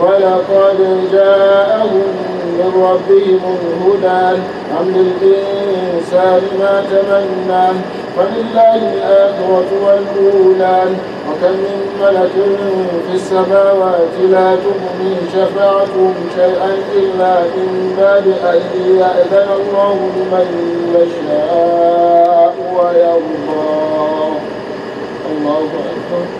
ولقد جاءهم من ربهم الهدى أم للإنسان ما تمنى فلله الآخرة والأولى وكم من ملك في السماوات لا تغني شفاعتهم شيئا إلا من بعد أن يأذن الله لمن يشاء ويرضى الله أكبر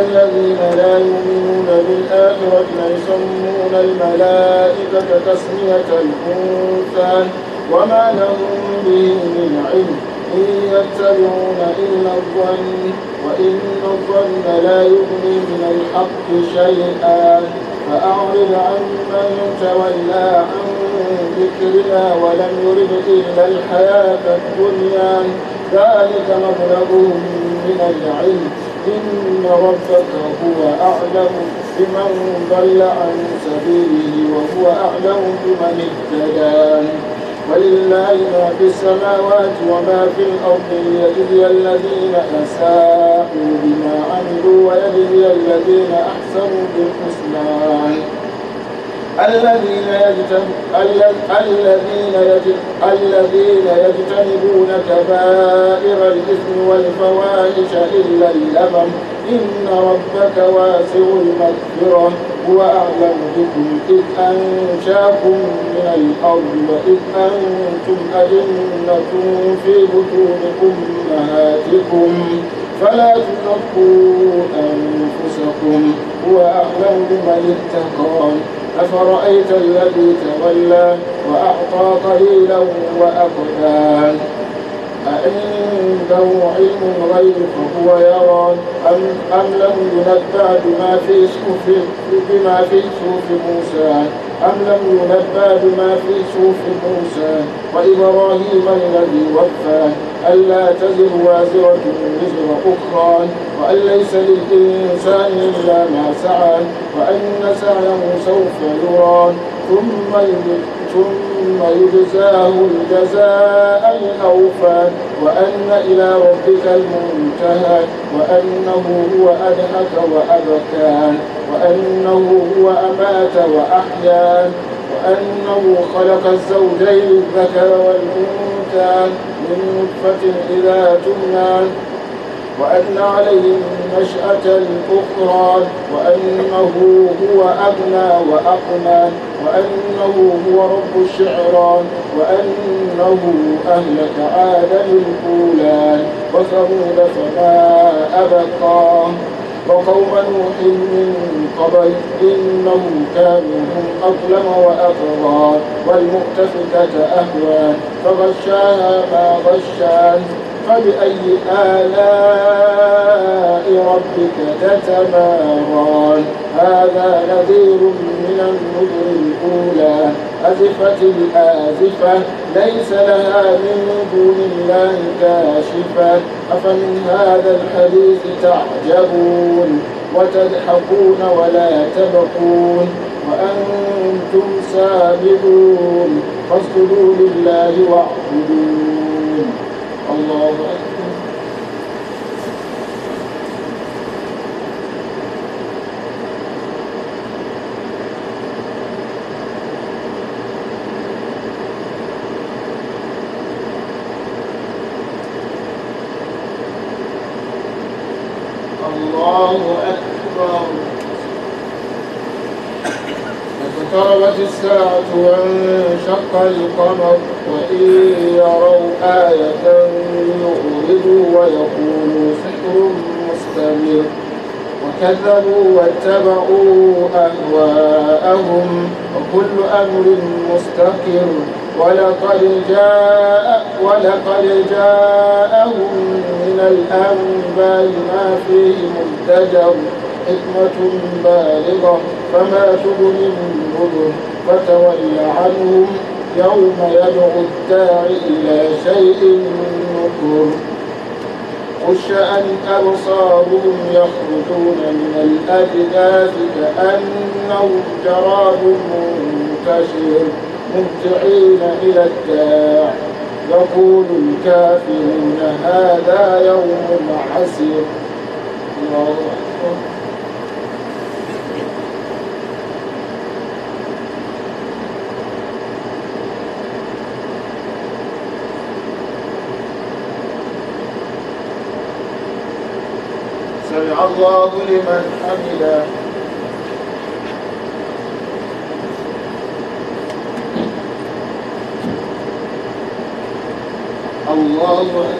الذين لا يؤمنون بالآخرة يسمون الملائكة تسمية الأنثى وما لهم به من علم إن يتبعون إلا الظن وإن الظن لا يغني من الحق شيئا فأعرض عن من تولى عن ذكرنا ولم يرد إلا الحياة الدنيا ذلك مبلغهم من العلم إن ربك هو أعلم بمن ضل عن سبيله وهو أعلم بمن اهتدى ولله ما في السماوات وما في الأرض ليجزي الذين أساءوا بما عملوا ويجزي الذين أحسنوا بالحسنى الذين الذين الذين يجتنبون كبائر الإثم والفواحش إلا اللبن إن ربك واسع المغفرة هو أعلم بكم إذ أنشاكم من الأرض وإذ أنتم أجنة في بطون أمهاتكم فلا تزكوا أنفسكم هو أعلم بمن اتقى أفرأيت الذي تولى وأعطى قليلا وأقدى أعنده علم الغيب فهو يرى أم, أم لم ينبأ بما في سوف بما في موسى أم لم ينبأ بما في صوف موسى وإبراهيم الذي وفى ألا تزر وازرة وزر أخرى وأن ليس للإنسان إلا ما سعى وأن سعيه سوف يرى ثم يذكر ثم يجزاه الجزاء الأوفى وأن إلى ربك المنتهى وأنه هو أدهك وأبكى وأنه هو أمات وأحيا وأنه خلق الزوجين الذكر والأنثى من نطفة إذا تمنى وأن عليه النشأة الأخرى وأنه هو أغنى وأقنى وأنه هو رب الشعرى وأنه أهلك عادا الأولى وثمود فما أبقى وقوم نوح من قبل إنهم كانوا هم أظلم وأطغى والمؤتفكة أهوى فغشاها ما غشان فبأي آلاء ربك تتمارى هذا نذير من النذر الأولى أزفت الآزفة ليس لها من دون الله كاشفة أفمن هذا الحديث تعجبون وتضحكون ولا تبكون وأنتم سابقون فاسجدوا لله واعبدون long القمر وإن يروا آية يؤمنوا ويقولوا سحر مستمر وكذبوا واتبعوا أهواءهم وكل أمر مستقر ولقد جاء ولقد جاءهم من الأنباء ما فيه مزدجر حكمة بالغة فما تغني النذر فتول عنهم يوم يدعو الداعي إلى شيء نكر خش أن أبصارهم يخرجون من الأجداث كأنهم جراب منتشر مهطعين إلى الداع يقول الكافرون هذا يوم عسير الله أكبر الله لمن حمده الله أكبر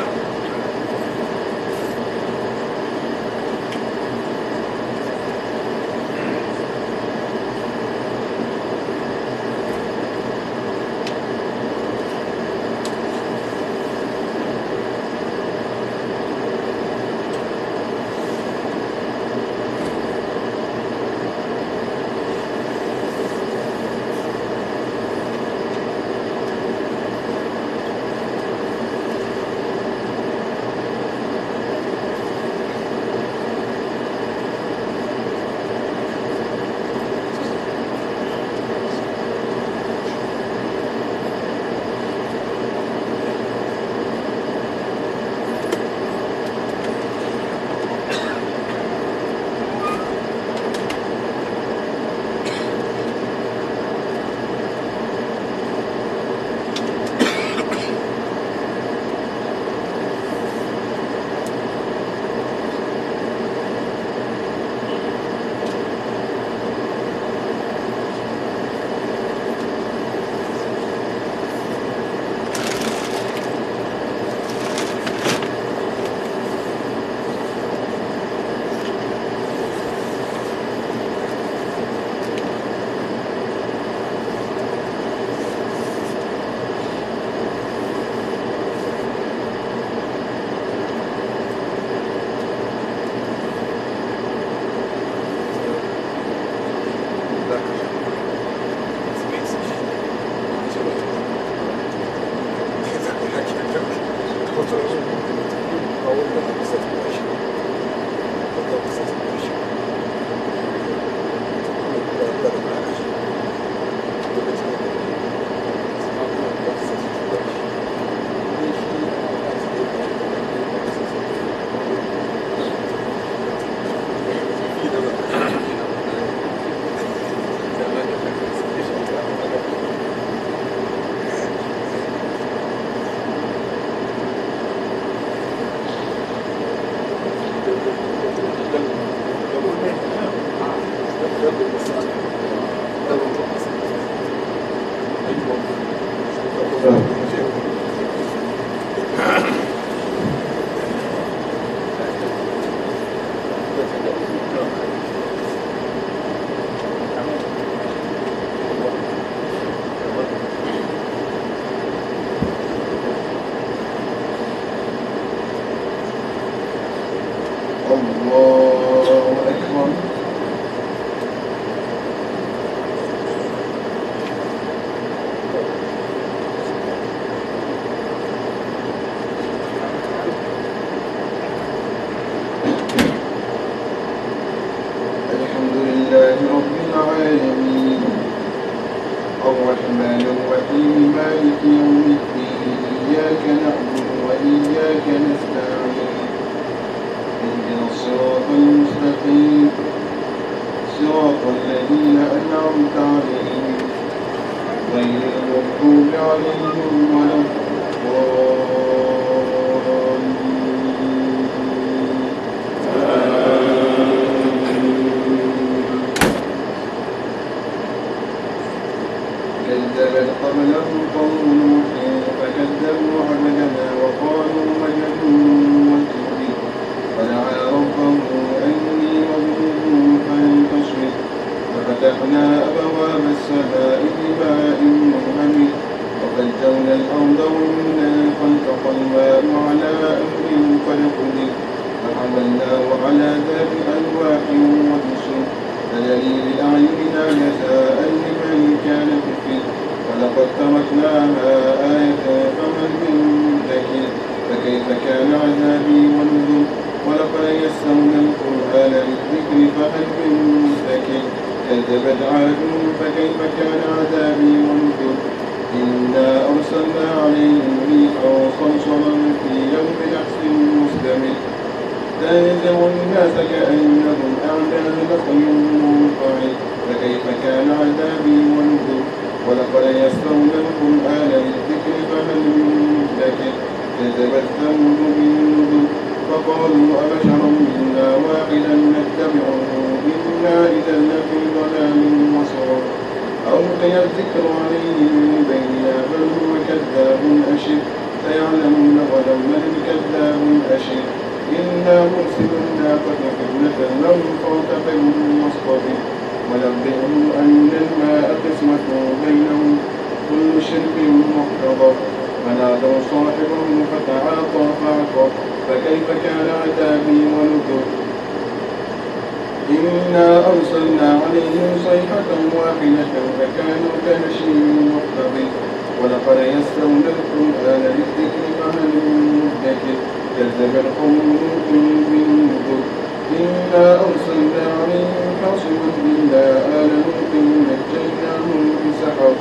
وحملنا أبواب السماء بماء منهمر وفجرنا الأرض ومنا خلق الماء على أمر قد فحملناه على ذات ألواح ودسر فدليل أعيننا جزاء لمن كان كفر ولقد تركناها آية فمن ذكر فكيف كان عذابي ونذر ولقد يسرنا القرآن للذكر فهل من كذبت عاد فكيف كان عذابي ونذر إنا أرسلنا عليهم ريحا صرصرا في يوم نحس مستمر تنزع الناس كأنهم أعداء نخل منقعد فكيف كان عذابي ونذر ولقد يسرنا القرآن للذكر فهل من ذكر كذبت ثمود بالنذر فقالوا أبشر منا واحدا نتبعه إلا إذا لفي ظلام وسعر أو ألقي الذكر عليه من بيننا بل هو كذاب أشر سيعلمون غدا من كذاب أشر إنا مرسل الناقة فتنة لهم فارتقب واصطبر ونبئهم أن الماء قسمة بينهم كل شرب محتضر فنادوا صاحبهم فتعاطى فعقر فكيف كان عتابي ونذر إنا أرسلنا عليهم صيحة واحدة فكانوا كهشيم المحتضر ولقد يسرون القرآن للذكر فهل من مدكر كذب القوم نذر إنا أرسلنا عليهم حاصبا إلا آل لوط نجيناهم بسحر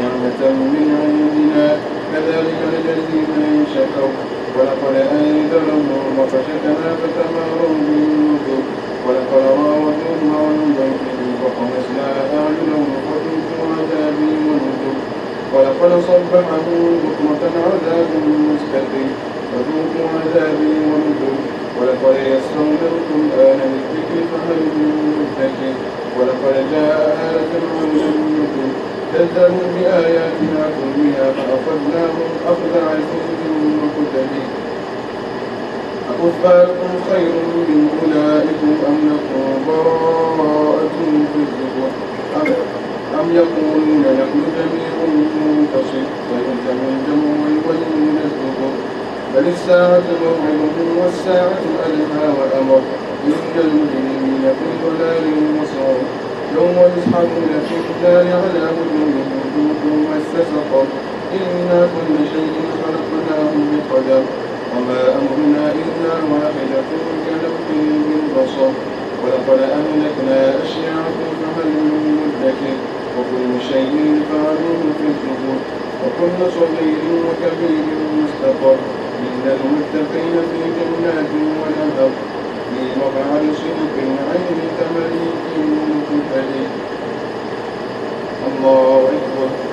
نعمة من عندنا كذلك نجزي من شكر ولقد أنذرهم وفشتنا فتماروا نذر ولقد راودته عن بيته فطمسنا أعينهم فذوقوا عذابي ونذر ولقد صبحهم بكرة عذاب مستقيم فذوقوا عذابي ونذر ولقد يسرنا القرآن للذكر فهل من مدكر ولقد جاء آل فرعون النذر كذبوا بآياتنا كلها فأخذناهم أخذ عزيز مقتدر أكفاركم خير من أولئكم أم لكم براءة في الزبر أم يقولون نحن جميع منتصر فيهزم الجمع ويولون الزبر بل الساعة موعدهم والساعة أدهى وأمر إن المجرمين في ضلال وسعر يوم يسحبون في النار على وجوههم ذوقوا مس سقر إنا كل شيء خلقناه بقدر وما أمرنا إلا واحدة من بصر ولقد أهلكنا أشياعكم فهل من مدكر وكل شيء فعلوه في الزبر وكل صغير وكبير مستقر إن المتقين في جنات ونهر في مقعد صدق عين تمليك مكتئب الله أكبر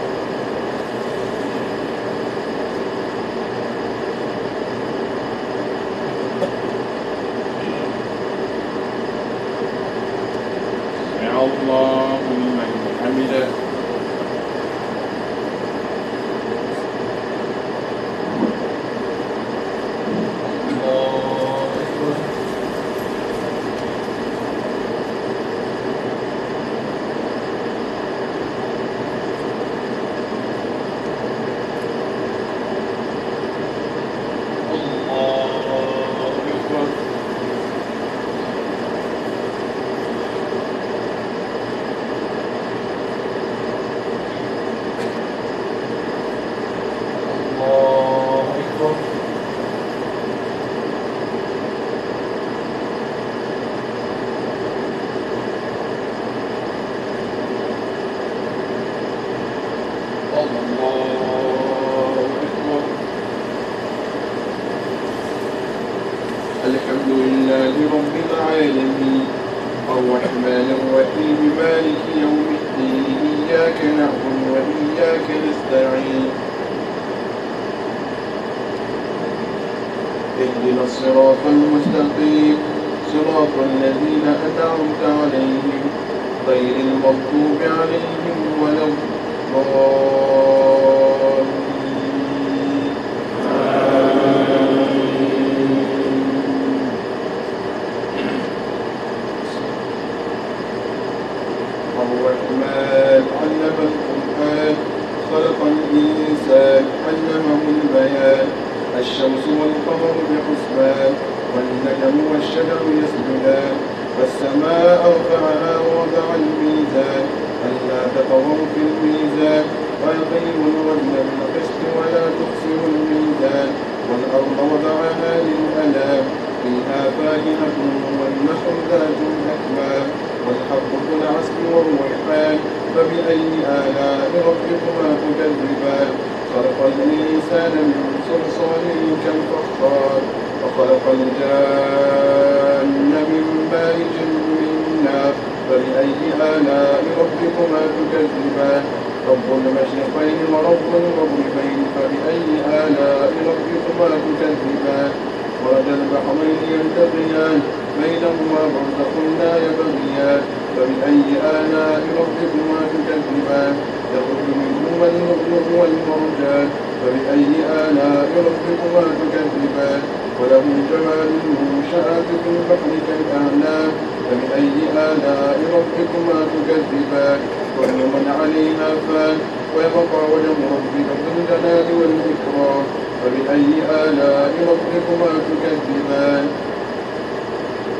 الملك والمولى فبأي آلاء ربكما تكذبان وله جمال المنشآت في البحر كالأعلام فبأي آلاء ربكما تكذبان كل من عليها فان ويبقى وجه ربك ذو الجلال والإكرام فبأي آلاء ربكما تكذبان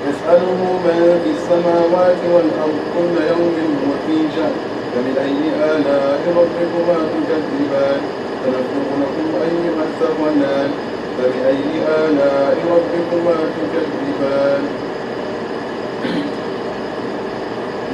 يسأله من في السماوات والأرض كل يوم هو في شأن فبأي آلاء ربكما تكذبان سنفرغ لكم أيها الثقلان فبأي آلاء ربكما تكذبان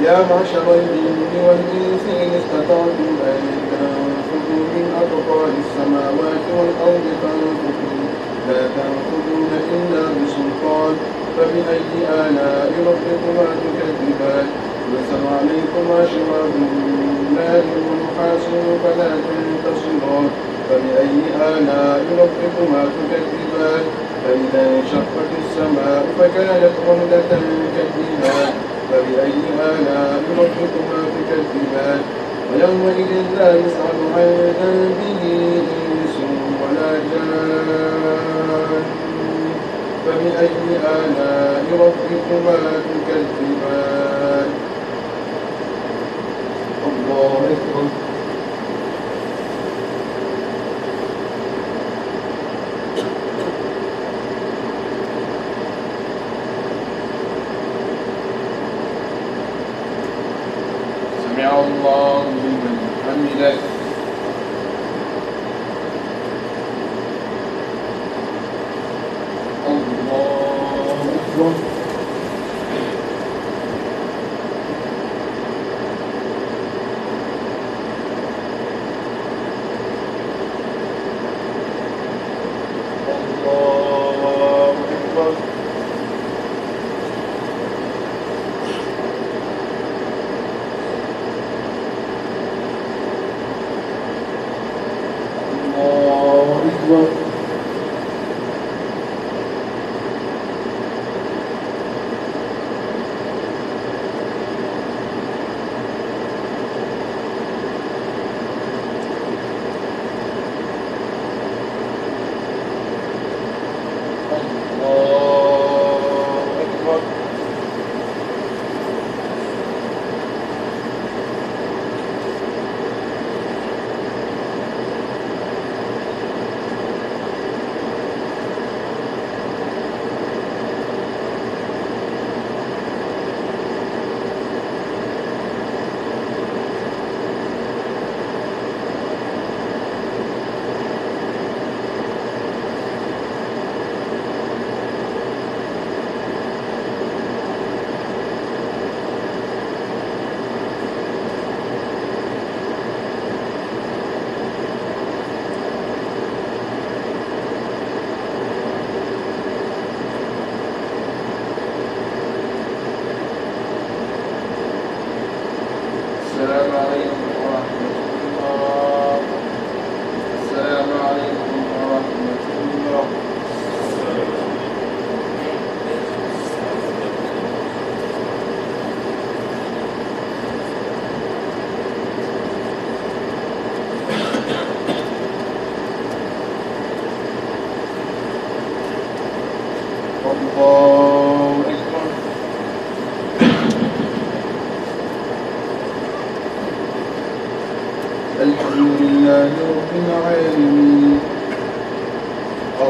يا معشر الجن والإنس إن استطعتم أن تنفذوا من أقطار السماوات والأرض فانفذوا لا تنفذون إلا بسلطان فبأي آلاء ربكما تكذبان ليس عليكم شراب من نار ونحاس فلا تنتصرون فبأي آلاء ربكما تكذبان فإذا انشقت السماء فكانت غمدة كالدهان فبأي آلاء ربكما تكذبان ويومئذ لا يسأل عن ذنبه إنس ولا جان فبأي آلاء ربكما تكذبان con,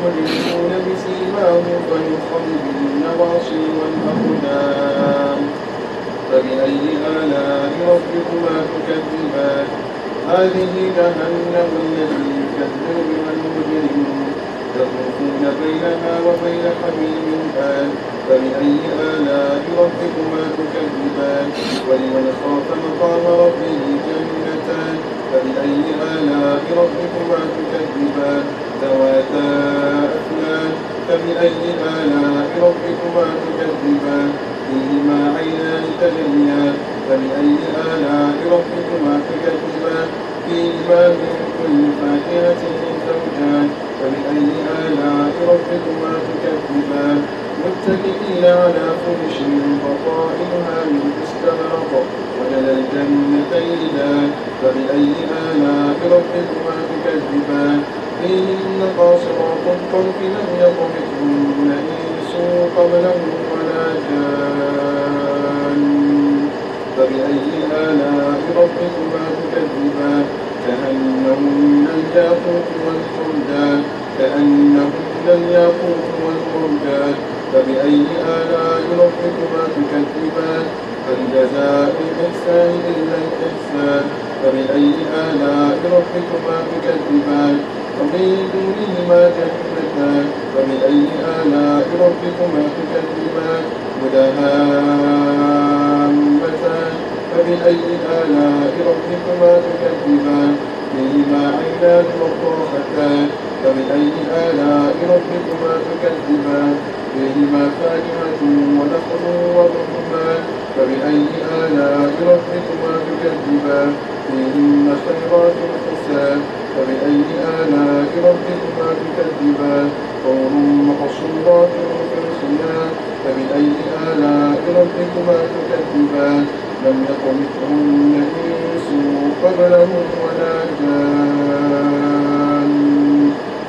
المجرمون بسيماهم فيخرجون النواصي والأقدام فبأي آلاء ربكما تكذبان هذه جهنم الذي يكذب بها المجرمون يطوفون بينها وبين حميم آن فبأي آلاء ربكما تكذبان ولمن خاف مقام ربه جنة فبأي آلاء ربكما تكذبان ذواتا أفنان فبأي آلاء ربكما تكذبان فيهما عينان تجريان فبأي آلاء ربكما تكذبان فيهما من كل فاكهة زوجان فبأي آلاء ربكما تكذبان متكئين على فرش بطائنها من استبرق وجل الجنتين فبأي آلاء ربكما تكذبان إن قاصرات الطرف لم يكن مثلهن إنس قبلهم ولا جان فبأي آلاء ربكما تكذبان كأنهن الياقوت والخردان كأنهن الياقوت والخردان فبأي آلاء ربكما تكذبان هل جزاء الإحسان إلا الإحسان فبأي آلاء ربكما تكذبان ومن دونهما جنتان فبأي آلاء ربكما تكذبان مدهامتان فبأي آلاء ربكما تكذبان فيهما عينان مفتوحتان فبأي آلاء ربكما تكذبان فيهما فاكهة ونخل ورمان فبأي آلاء ربكما تكذبان فيهن خيرات حسان فبأي آلاء ربكما تكذبان حور مقصورات في الخيام فبأي آلاء ربكما تكذبان لم يطمثهن إنس قبلهم ولا جان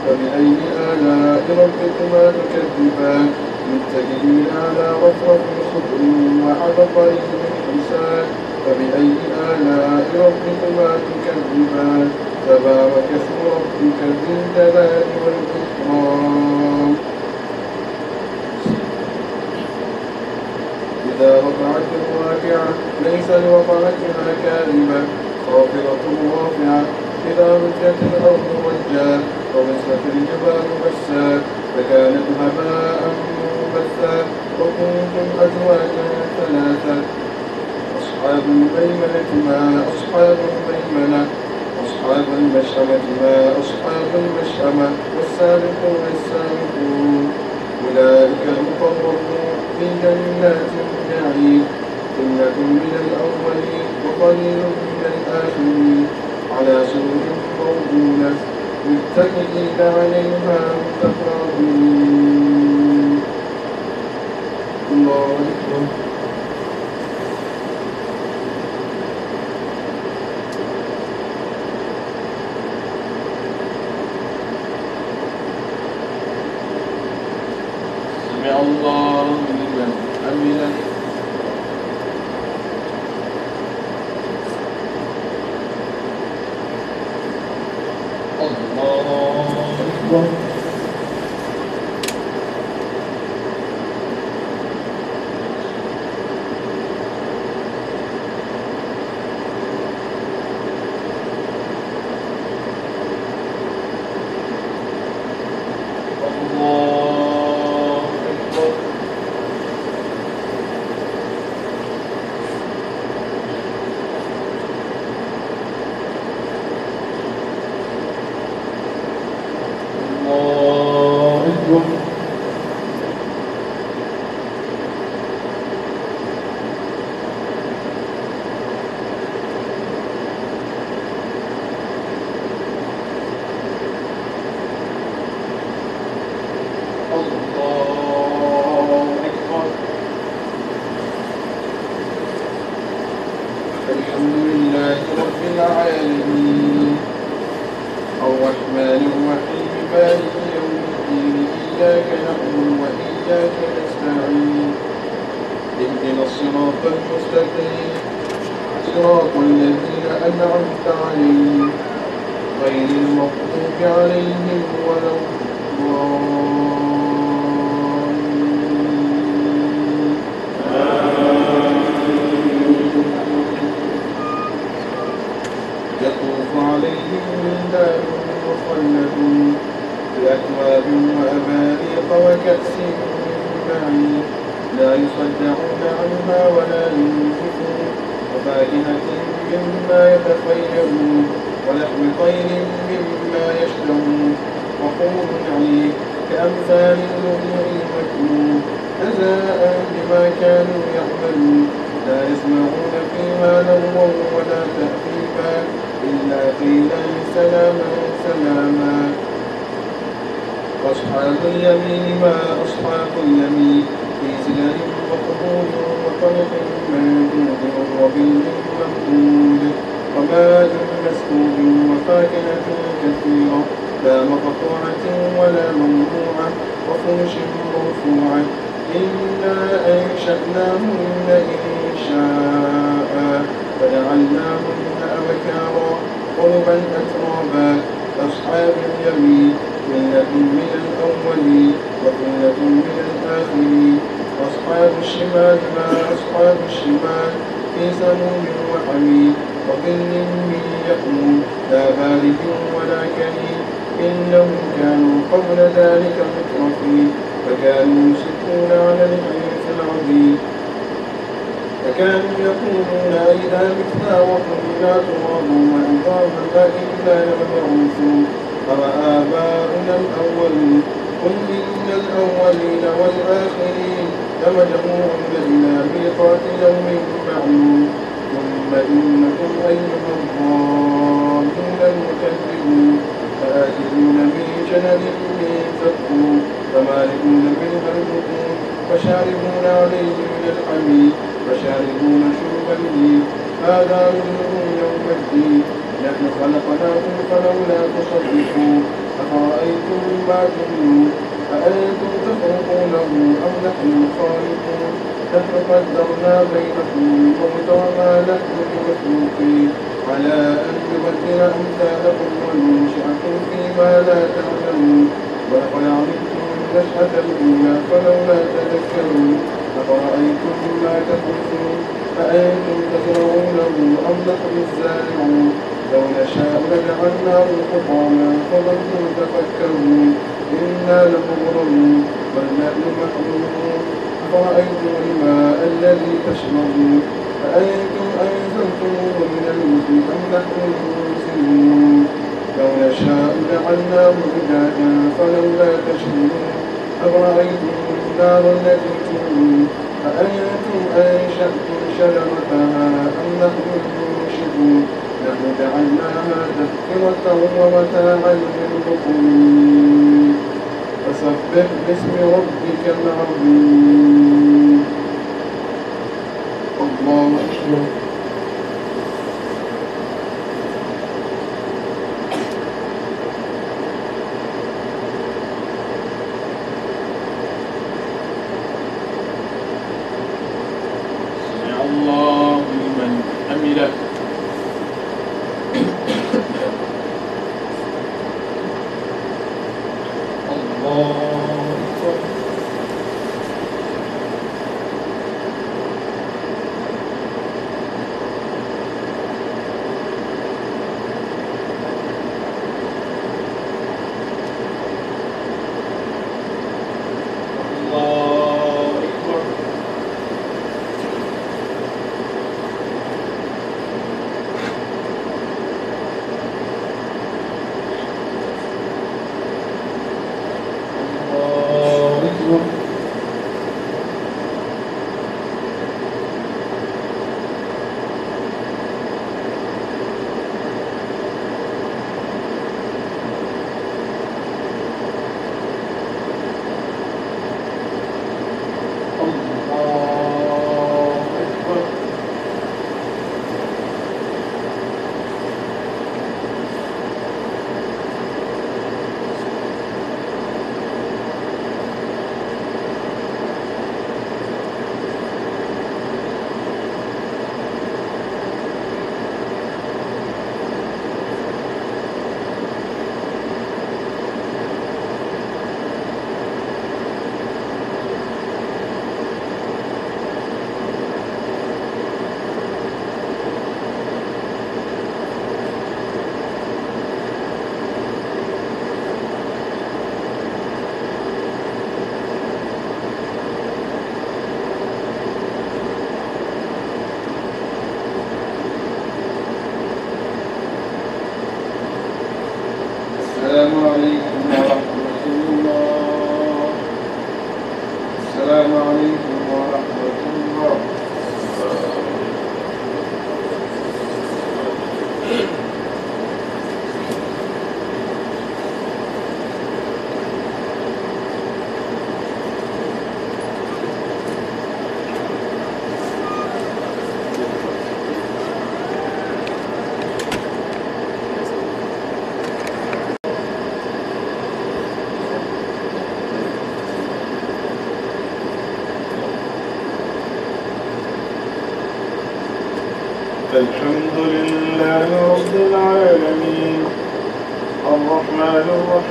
فبأي آلاء ربكما تكذبان متكئين على رفرف خضر وعبقري حسان فبأي آلاء ربكما تكذبان تبارك اسم ربك ذي الجلال والإكرام إذا وقعت الواقعة ليس لوقعتها كاذبة خافضة رافعة إذا رجت الأرض رجا وبست الجبال بسا فكانت هباء منبثا وكنتم أزواجا ثلاثة أصحاب الميمنة ما أصحاب الميمنة أصحاب المشأمة ما أصحاب المشأمة والسابقون السابقون أولئك المقربون في جنات النعيم ثلة من الأولين وقليل من الآخرين على سرور موضونة متكئين عليها متقابلين الله أكبر سمع الله لمن حمده بما كانوا يعملون لا يسمعون فيها لغوا ولا تأثيما إلا قيلا سلاما سلاما وأصحاب اليمين ما أصحاب اليمين في سلال وقبول وطلق منضود وظل ممدود وماء مسكوب وفاكهة كثيرة لا مقطوعة ولا ممنوعة وفرش مرفوعة إنا أنشأناهن إن شاء فجعلناهن أبكارا قربا أترابا أصحاب اليمين كلة من الأولين وكلة من الآخرين أصحاب الشمال ما أصحاب الشمال في سموم وحميد وظل من يقوم لا بارد ولا كريم إنهم كانوا قبل ذلك مترفين فكانوا يأتون على الحنث العظيم فكانوا يقولون إذا متنا وكنا ترابا وعظاما أئنا لمبعوثون أوآباؤنا الأولين قل إن الأولين والآخرين لمجموعون إلى ميقات يوم معلوم ثم إنكم أيها الضالون المكذبون فآكلون من شنب من فكون فمالئون منها البطون فشاربون عليه من الحميد فشاربون شرب الليل هذا نزلهم يوم الدين نحن خلقناكم فلولا تصدقون أفرأيتم ما تمنون أأنتم تخلقونه أم نحن الخالقون نحن قدرنا بينكم الموت وما نحن بمخلوقين على أن نبدل أمثالكم وننشئكم فيما لا تعلمون ولقد علمتم يشهد فلولا تذكرون أفرأيتم ما تحرثون أأنتم تزرعونه أم نحن الزارعون لو نشاء لجعلناه حطاما فظلتم تفكرون إنا لمغرمون بل نحن محرومون أفرأيتم الماء الذي تشربون أأنتم أنزلتموه من المزن أم نحن المنزلون لو نشاء جعلناه أجاجا فلولا تشكرون أرأيتم النار التي تؤمن أأنتم أنشأتم شجرتها أم نحن المنشئون له جعلناها تذكرة ومتاعا للمقومين فسبح باسم ربك العظيم الله أكبر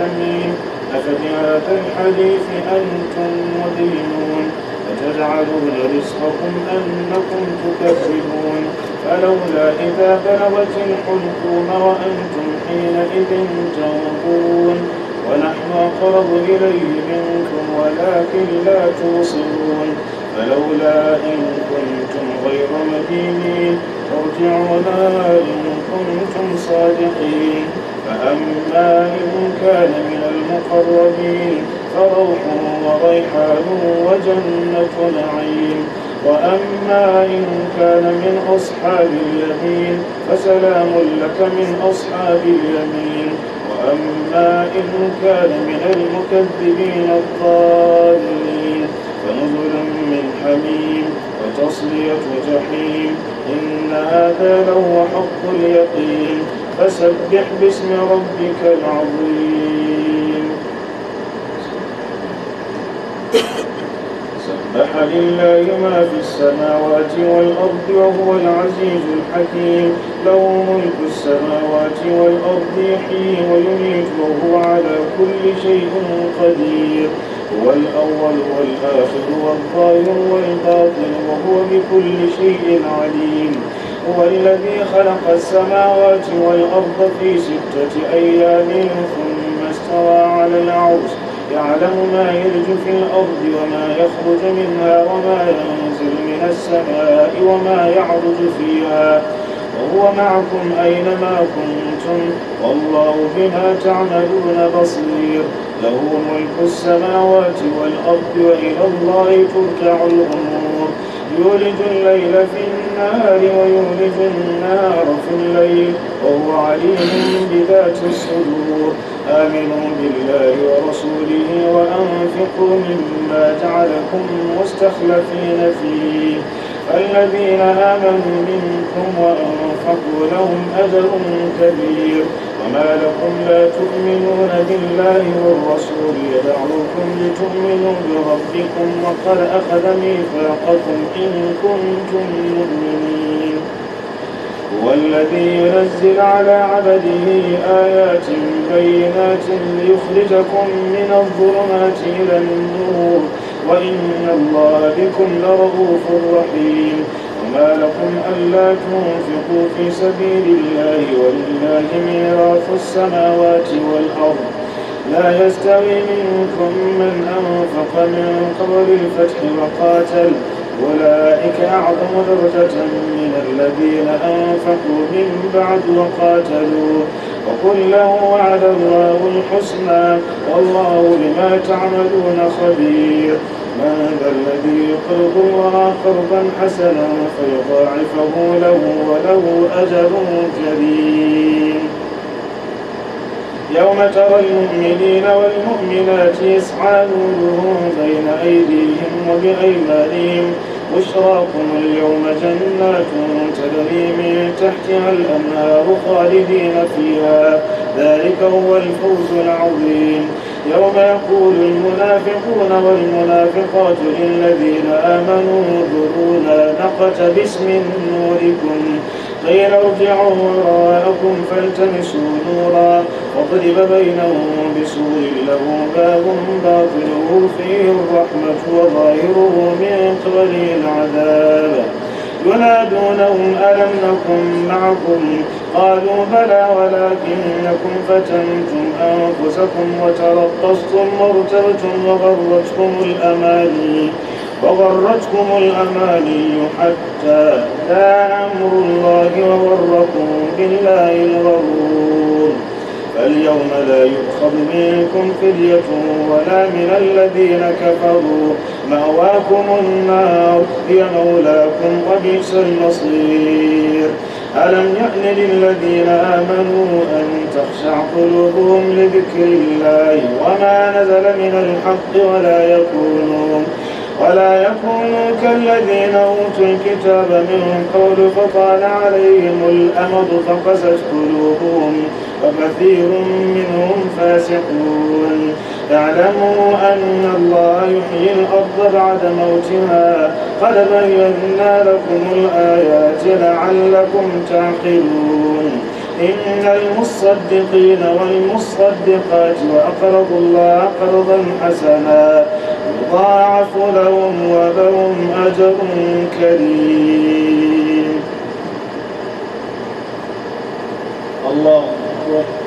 العالمين أفبهذا الحديث أنتم مدينون أتجعلون رزقكم أنكم تكذبون فلولا إذا بلغت الحلقوم وأنتم حينئذ تنظرون ونحن أقرب إليه منكم ولكن لا توصلون فلولا إن كنتم غير مدينين ترجعون إن كنتم صادقين أما إن كان من المقربين فروح وريحان وجنة نعيم وأما إن كان من أصحاب اليمين فسلام لك من أصحاب اليمين وأما إن كان من المكذبين الضالين فنزل من حميم وتصلية جحيم إن هذا لهو حق اليقين فسبح باسم ربك العظيم سبح لله ما في السماوات والأرض وهو العزيز الحكيم له ملك السماوات والأرض يحيي ويميت وهو على كل شيء قدير هو الأول والآخر والظاهر والباطن وهو بكل شيء عليم هو الذي خلق السماوات والأرض في ستة أيام ثم استوى على العرش يعلم ما يلج في الأرض وما يخرج منها وما ينزل من السماء وما يعرج فيها وهو معكم أينما كنتم والله بما تعملون بصير له ملك السماوات والأرض وإلى الله ترجع الأمور يولج الليل في النار ويولج النار في الليل وهو عليم بذات الصدور آمنوا بالله ورسوله وأنفقوا مما جعلكم مستخلفين فيه الذين آمنوا منكم وأنفقوا لهم أجر كبير وما لكم لا تؤمنون بالله والرسول يدعوكم لتؤمنوا بربكم وقد أخذ ميثاقكم إن كنتم مؤمنين هو الذي ينزل على عبده آيات بينات ليخرجكم من الظلمات إلى النور وإن الله بكم لرؤوف رحيم وما لكم ألا تنفقوا في سبيل الله ولله ميراث السماوات والأرض لا يستوي منكم من أنفق من قبل الفتح وقاتل أولئك أعظم درجة من الذين أنفقوا من بعد وقاتلوا وقل له على الله الحسنى والله بما تعملون خبير هذا الذي يقرض الله قرضا حسنا فيضاعفه له وله أجر كريم يوم ترى المؤمنين والمؤمنات يسعى نورهم بين أيديهم وبأيمانهم بشراكم اليوم جنات تدري من تحتها الأنهار خالدين فيها ذلك هو الفوز العظيم يوم يقول المنافقون والمنافقات للذين آمنوا انظرونا نقتبس من نوركم قيل ارجعوا وراءكم فالتمسوا نورا واضرب بينهم بسور له باب باطنه فيه الرحمة وظاهره من قبله العذاب ينادونهم ألم نكن معكم قالوا بلى ولكنكم فتنتم أنفسكم وتربصتم وارتبتم وغرتكم الأماني وغرتكم الأماني حتى جاء أمر الله وغركم بالله الغرور فاليوم لا يؤخذ منكم فدية ولا من الذين كفروا مأواكم النار هي مولاكم وبئس المصير ألم يأن للذين آمنوا أن تخشع قلوبهم لذكر الله وما نزل من الحق ولا يكونوا ولا يكونوا كالذين أوتوا الكتاب من قول فطال عليهم الأمد فقست قلوبهم وكثير منهم فاسقون اعلموا أن الله يحيي الأرض بعد موتها قد بينا لكم الآيات لعلكم تعقلون إن المصدقين والمصدقات وأقرضوا الله قرضا حسنا يضاعف لهم ولهم أجر كريم الله أكبر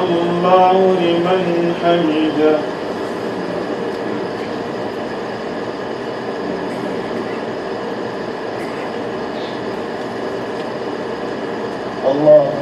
الله لمن حمده الله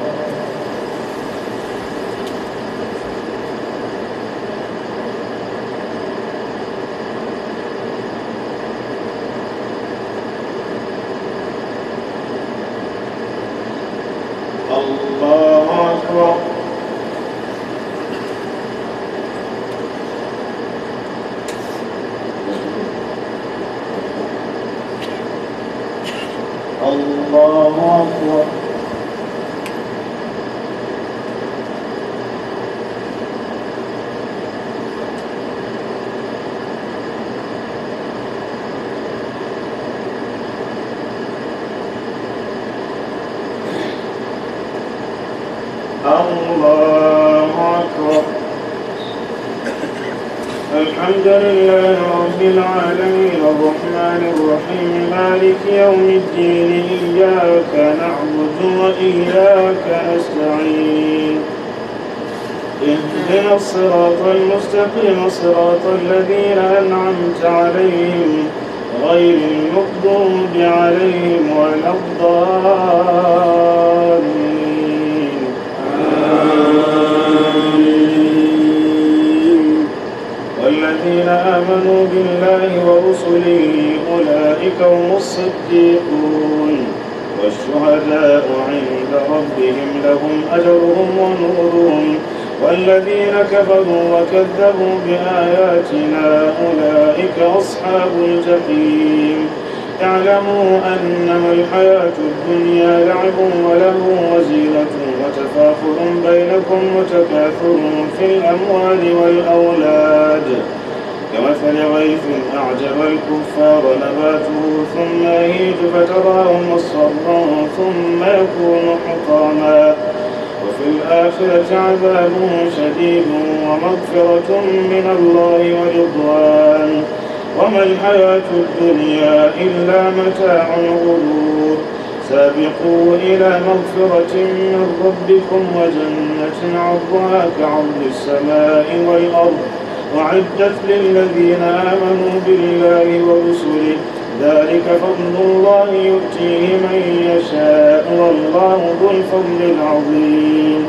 المستقيم صراط الذين أنعمت عليهم غير المغضوب عليهم ولا الضالين والذين آمنوا بالله ورسله أولئك هم الصديقون والشهداء عند ربهم لهم أجرهم ونورهم والذين كفروا وكذبوا بآياتنا أولئك أصحاب الجحيم اعلموا أنما الحياة الدنيا لعب وله وزينة وتفاخر بينكم وتكاثر في الأموال والأولاد كمثل غيث أعجب الكفار نباته ثم يهيج فتراه مصرا ثم يكون حطاما وفي الآخرة عذاب شديد ومغفرة من الله ورضوان وما الحياة الدنيا إلا متاع الغرور سابقوا إلى مغفرة من ربكم وجنة عرضها كعرض السماء والأرض وعدت للذين آمنوا بالله ورسله ذلك فضل الله يؤتيه من يشاء والله ذو الفضل العظيم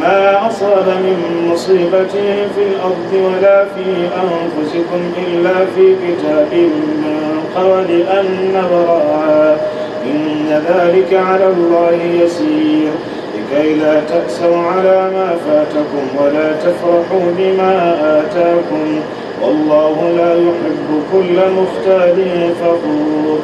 ما أصاب من مصيبة في الأرض ولا في أنفسكم إلا في كتاب من قبل أن نبرأها إن ذلك على الله يسير لكي لا تأسوا على ما فاتكم ولا تفرحوا بما آتاكم والله لا يحب كل مختال فخور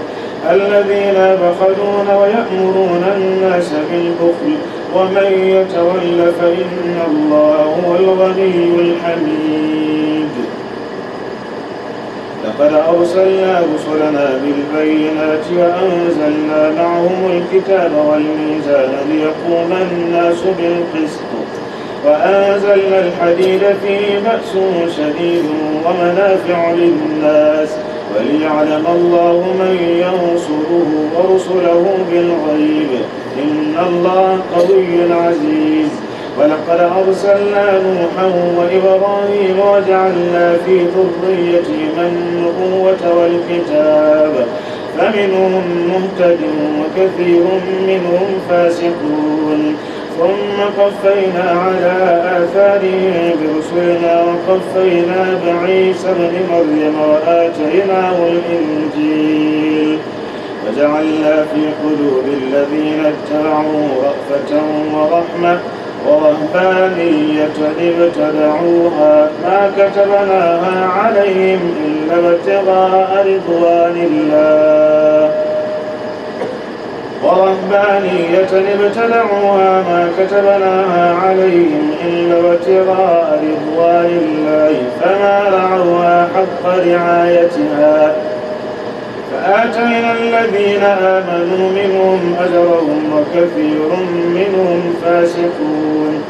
الذين يبخلون ويأمرون الناس بالبخل ومن يتول فإن الله هو الغني الحميد لقد أرسلنا رسلنا بالبينات وأنزلنا معهم الكتاب والميزان ليقوم الناس بالقسط وآزلنا الحديد فيه بأس شديد ومنافع للناس وليعلم الله من ينصره ورسله بالغيب إن الله قوي عزيز ولقد أرسلنا نوحا وإبراهيم وجعلنا في ذريتهما النبوة والكتاب فمنهم مهتد وكثير منهم فاسقون ثم قفينا على آثارهم برسلنا وقفينا بعيسى بن مريم وآتيناه الإنجيل وجعلنا في قلوب الذين اتبعوا رأفة ورحمة ورهبانية ابتدعوها ما كتبناها عليهم إلا ابتغاء رضوان الله ورهبانية ابتدعوها ما كتبناها عليهم إلا ابتغاء رضوان الله فما رعوها حق رعايتها فآتينا الذين آمنوا منهم أجرهم وكثير منهم فاسقون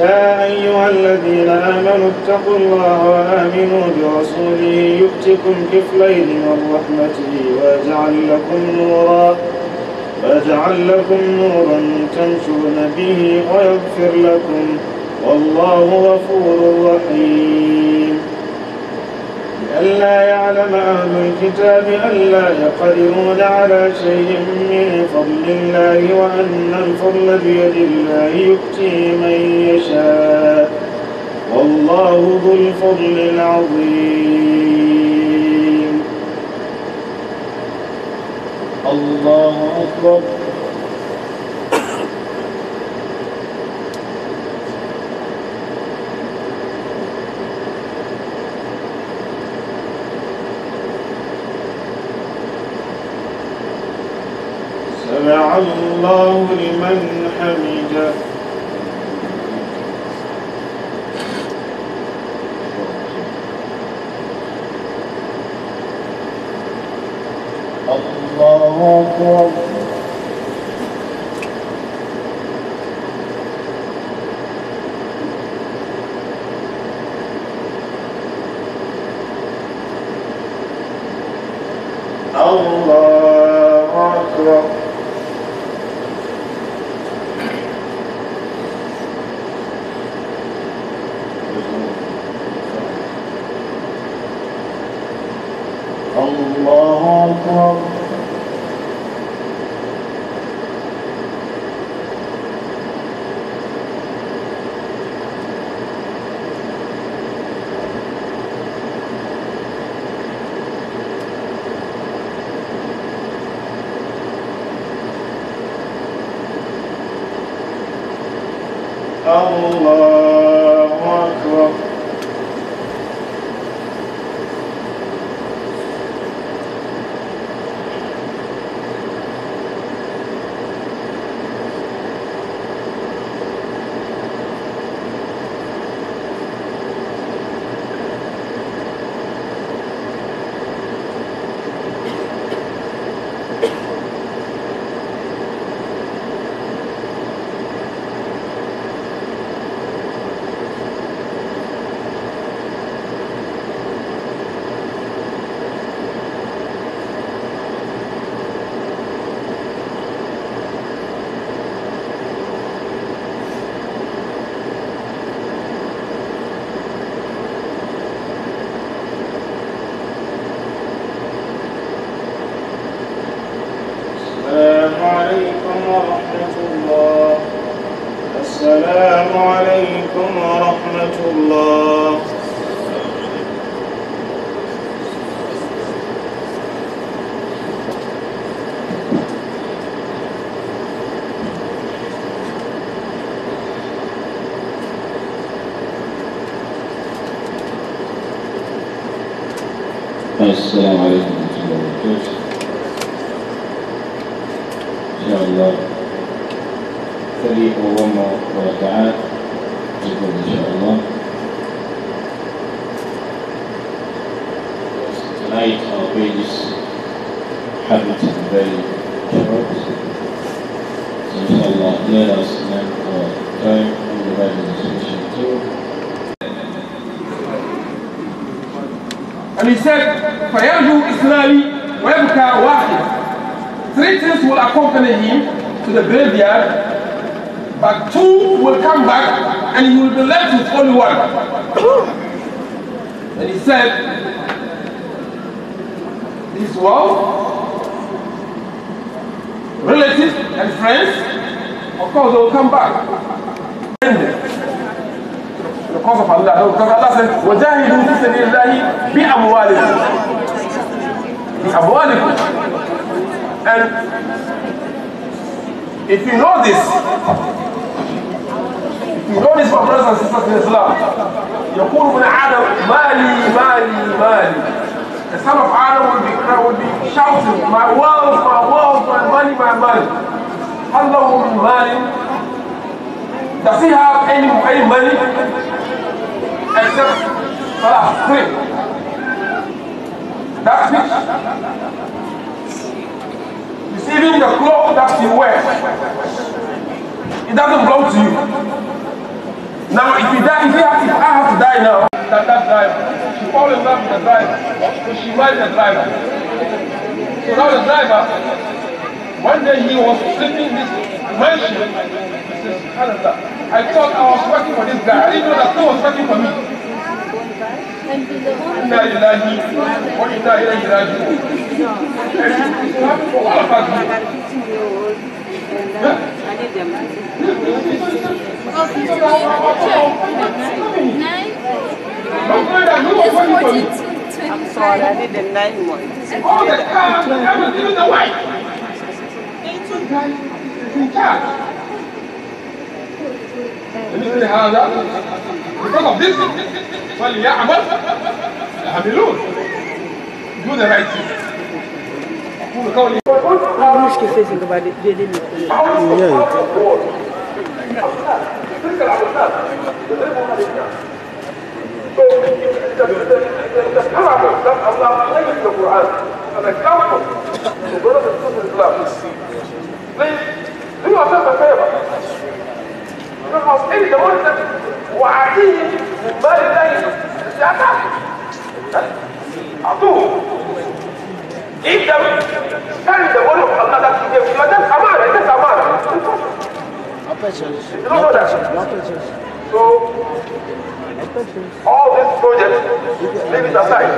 يا أيها الذين آمنوا اتقوا الله وآمنوا برسوله يؤتكم كفلين من رحمته ويجعل لكم نورا ويجعل لكم نورا تمشون به ويغفر لكم والله غفور رحيم لئلا يعلم أهل الكتاب ألا يقدرون على شيء من فضل الله وأن الفضل بيد الله يؤتي من يشاء والله ذو الفضل العظيم الله أكبر سمع الله لمن حمده for and very short. So inshallah let us our time the too. And he said, فيرجو إسلامي ويبكى واحد. Three things will accompany him to the graveyard but two will come back and you will be left with only one. and he said, This world, relatives and friends, of course they will come back. because of Allah, because Allah said, وَجَاهِدُوا فِي سَبِيلِ اللَّهِ بِأَمْوَالِكُمْ بِأَمْوَالِكُمْ And if you know this, You know this, my brothers and sisters in Islam. يقول ابن آدم مالي مالي مالي. The son of Adam will be, will be shouting, my wealth, my wealth, my money, my money. هل له من مال؟ Does he have any, any money? Except salah, pray. That's it. It's even the cloth that he wears. It doesn't belong to you. Now, if, you die, if, you have, if I have to die now, that, that driver, she fall in love with the driver, so she married the driver. So now the driver, one day he was sleeping in this mansion, This is Canada, I thought I was working for this guy, I didn't know that he was working for me. I'm sorry, I did the nine months. All the time, I was doing the white. They took me in charge. مثل هذا بطلب رزق فليعمل العاملون دون رئيسهم How much you facing about it? They didn't. Yeah. The parable that Allah plays in the Quran, an example to brothers and sisters in Islam. Please, do yourself a favor. Because most any the Muslim, وعليه من مال الله زكاة. أعطوه Leave them. Carry the word of Allah that is there. You are just amara, just amara. No patience. You don't know that. No patience. So, all these projects, leave it aside.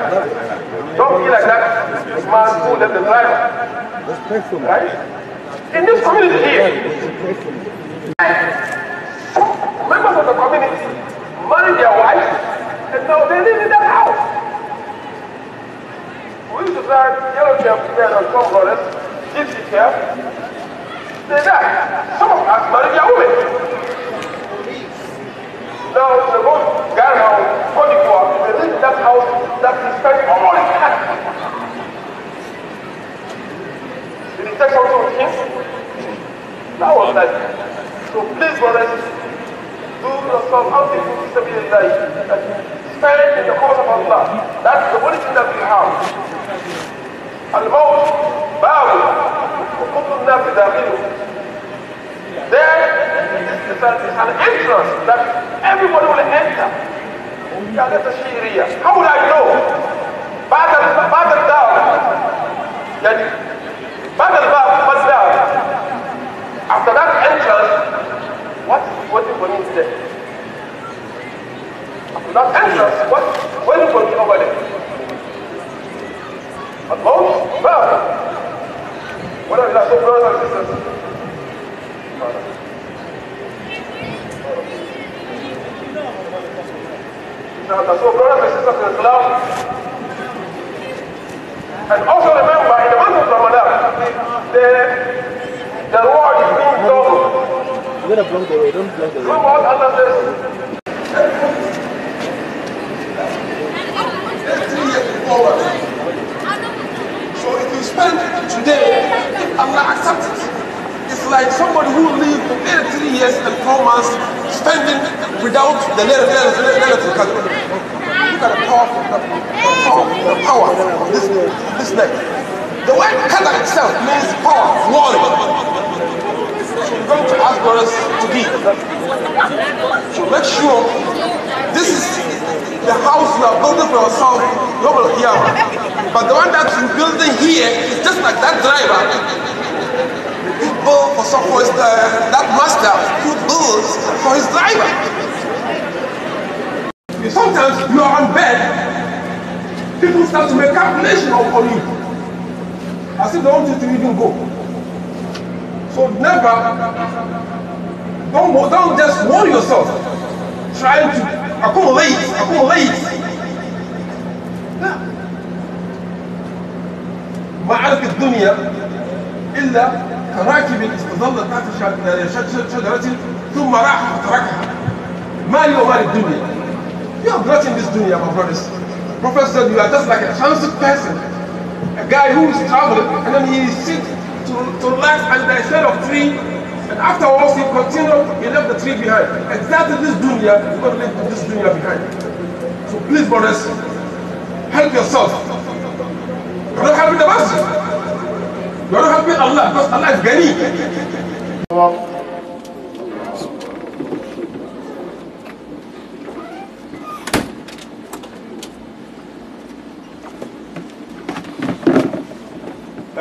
Don't be like that man who left the driver. Right? In this community here, members of the community marry their wives, and now they live in that house. Moje zdanie nie oddziałuje na kongres, nic nie They die. Some of us marry their women. Now, the most guy now, Cote d'Ivoire, they live in that house that is very all Did he take something with him? That was like, so please, brothers, do yourself how to do disability that you spend in the cause of Allah. That's the only thing that we have. الموت باول وكل الناس داخله. Then it's an entrance that everyone will enter. كانت الشيرية. How would I know? بعد بعد الدار يعني بعد الباب was down. After that entrance what you going to them. Not answers. What, what you going to over them? Allah, Bab. What are the brothers and sisters? Now, so brothers and sisters in Islam, and also remember in the month of Ramadan, the, the reward is being doubled. I'm gonna block the way, don't block the way. So if you spend today, Allah accepts It's like somebody who lived for 33 years and 4 months spending without the letter, letter, letter, letter you got the powerful, the power, the power of this, this name. The word color itself means power, warning ask for us to be. So make sure this is the house you are building for yourself, will here. But the one that you're building here is just like that driver. People for some uh, that master who builds for his driver. Sometimes you are on bed, people start to make calculation of you. I if they want you to even go. So never, don't, don't just warn yourself trying to accumulate, accumulate. ما عرف الدنيا إلا كراكب استظل تحت شجرة ثم راح وتركها ما لي وما للدنيا. You have nothing in this dunya, my brothers. Prophet said you are just like a transit person. A guy who is traveling and then he sits to, to last, and the shade of three, And afterwards, he continued, he left the three behind. Exactly this dunya, you're going to leave this dunya behind. So please, brothers, help yourself. You're not helping the masjid. You're not helping Allah because Allah is Ghani.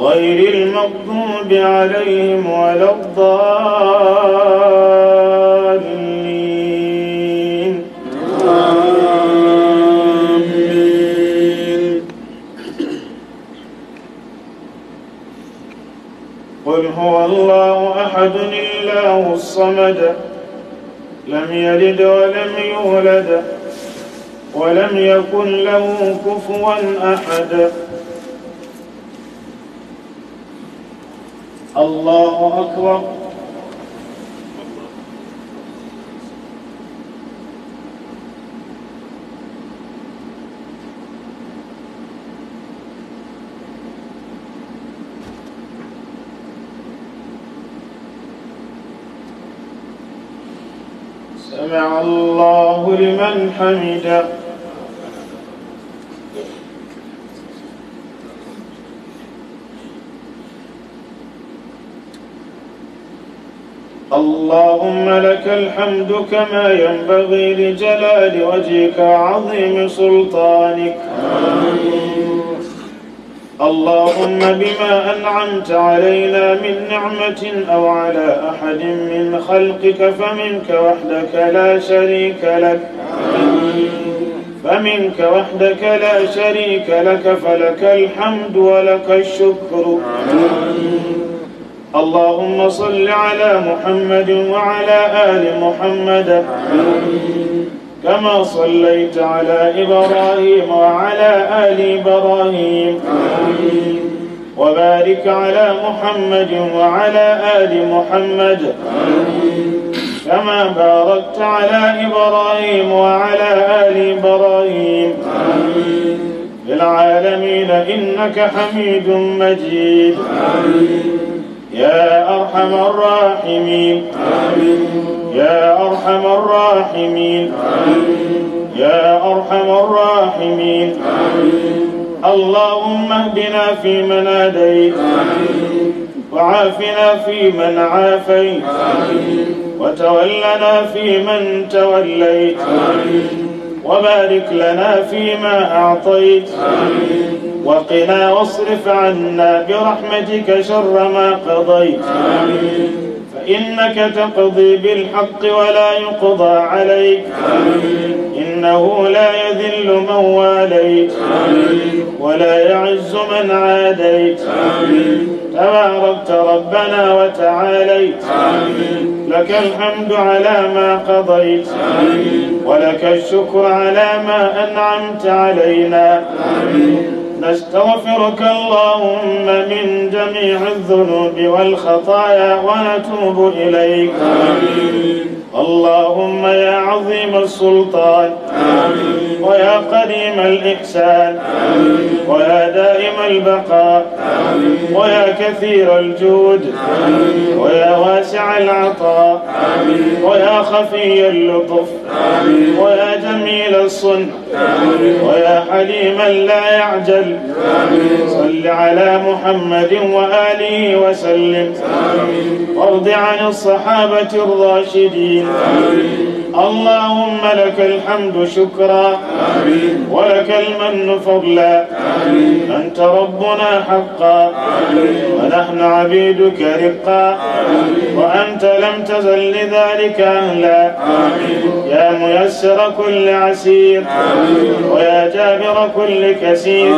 غير المغضوب عليهم ولا الضالين آمين قل هو الله أحد الله الصمد لم يلد ولم يولد ولم يكن له كفوا أحد الله أكبر سمع الله لمن حمده اللهم لك الحمد كما ينبغي لجلال وجهك عظيم سلطانك اللهم بما أنعمت علينا من نعمة أو على أحد من خلقك فمنك وحدك لا شريك لك فمنك وحدك لا شريك لك فلك الحمد ولك الشكر آمين اللهم صل على محمد وعلى آل محمد كما صليت على إبراهيم وعلى آل إبراهيم وبارك على محمد وعلى آل محمد كما باركت على إبراهيم وعلى آل إبراهيم للعالمين إنك حميد مجيد آمين يا أرحم الراحمين آمين يا أرحم الراحمين آمين يا أرحم الراحمين آمين اللهم اهدنا فيمن هديت وعافنا وعافنا فيمن عافيت وتولنا وتولنا فيمن توليت آمين وبارك لنا فيما أعطيت آمين وقنا واصرف عنا برحمتك شر ما قضيت آمين فإنك تقضي بالحق ولا يقضى عليك آمين إنه لا يذل من واليت آمين ولا يعز من عاديت آمين تباركت ربنا وتعاليت آمين لك الحمد على ما قضيت آمين ولك الشكر على ما أنعمت علينا آمين نستغفرك اللهم من جميع الذنوب والخطايا ونتوب إليك آمين اللهم يا عظيم السلطان آمين ويا قديم الإحسان ويا دائم البقاء ويا كثير الجود ويا واسع العطاء ويا خفي اللطف ويا جميل الصنع ويا حليما لا يعجل صل على محمد وآله وسلم وارض عن الصحابة الراشدين اللهم لك الحمد شكرا آمين ولك المن فضلا آمين أنت ربنا حقا آمين ونحن عبيدك رقا آمين وأنت لم تزل لذلك أهلا يا ميسر كل عسير ويا جابر كل كسير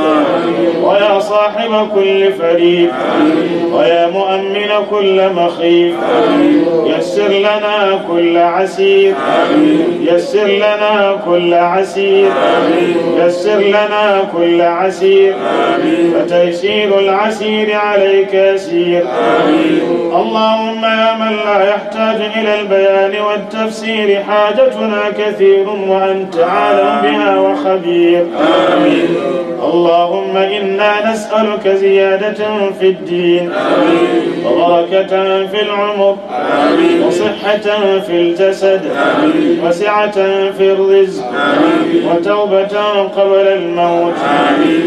ويا صاحب كل فريق ويا مؤمن كل مخيف يسر لنا كل عسير يسر لنا كل عسير يسر لنا كل عسير فتيسير العسير عليك يسير اللهم يا إلى من لا يحتاج إلى البيان والتفسير حاجتنا كثير وأنت عالم بها وخبير آمين اللهم إنا نسألك زيادة في الدين وبركة في العمر وصحة في الجسد وسعة في الرزق وتوبة قبل الموت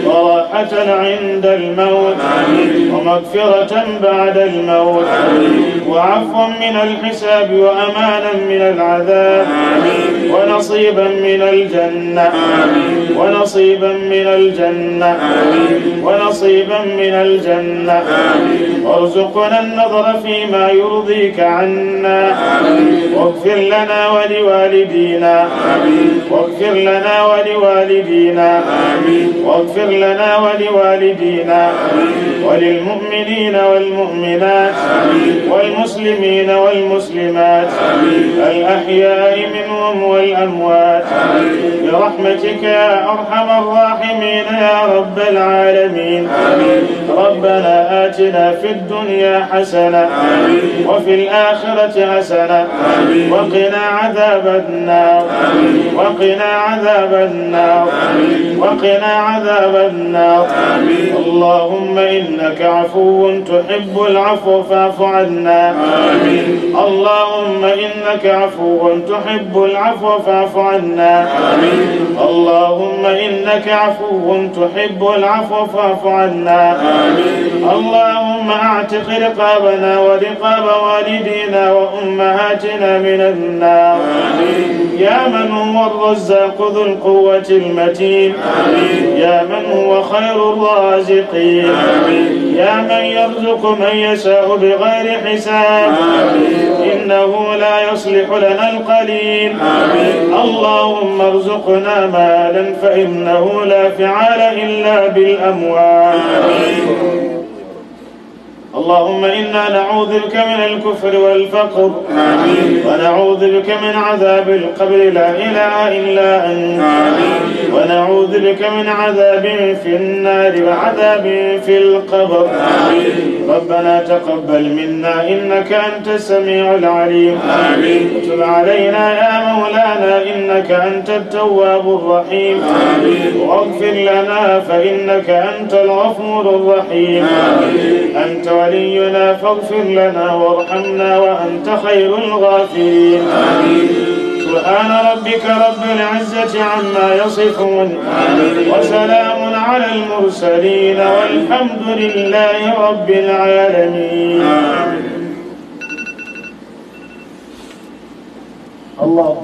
وراحة عند الموت ومغفرة بعد الموت وعفوا من الحساب وأمانا من العذاب ونصيبا من الجنة ونصيبا من الجنة الجنة آمين ونصيبا من الجنة آمين وارزقنا النظر فيما يرضيك عنا واغفر لنا ولوالدينا واغفر لنا ولوالدينا واغفر لنا ولوالدينا وللمؤمنين والمؤمنات والمسلمين والمسلمات الأحياء منهم والأموات برحمتك يا أرحم الراحمين يا رب العالمين ربنا آتنا في الدنيا حسنة وفي الآخرة حسنة وقنا عذاب النار وقنا عذاب النار وقنا عذاب النار اللهم إنك عفو تحب العفو فاعف عنا اللهم إنك عفو تحب العفو فاعف عنا اللهم إنك عفو تحب العفو فاعف عنا اللهم واعتق رقابنا ورقاب والدينا وأمهاتنا من النار آمين. يا من هو الرزاق ذو القوة المتين آمين. يا من هو خير الرازقين آمين. يا من يرزق من يشاء بغير حساب آمين. إنه لا يصلح لنا القليل آمين. اللهم ارزقنا مالا فإنه لا فعال إلا بالأموال آمين. اللهم إنا نعوذ بك من الكفر والفقر آمين ونعوذ بك من عذاب القبر لا إله إلا أنت آمين ونعوذ بك من عذاب في النار وعذاب في القبر آمين ربنا تقبل منا إنك أنت السميع العليم آمين وتب علينا يا مولانا إنك أنت التواب الرحيم آمين واغفر لنا فإنك أنت الغفور الرحيم آمين أنت ولينا فاغفر لنا وارحمنا وأنت خير الغافرين آمين سبحان ربك رب العزة عما يصفون وسلام على المرسلين والحمد لله رب العالمين الله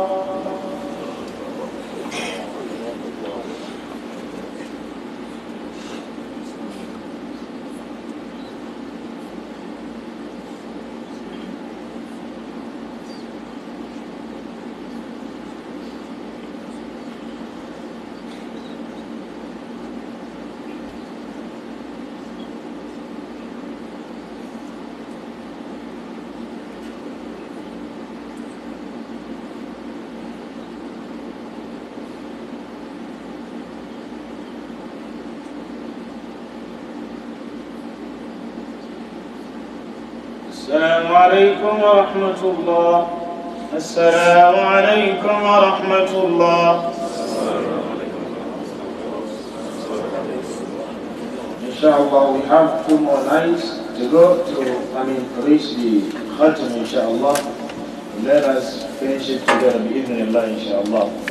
عليكم ورحمة الله السلام عليكم ورحمة الله Inshallah, we have two more nights to go to, I mean, reach the Khatam, inshallah. Let us finish it together, bi-idhnillah, inshallah.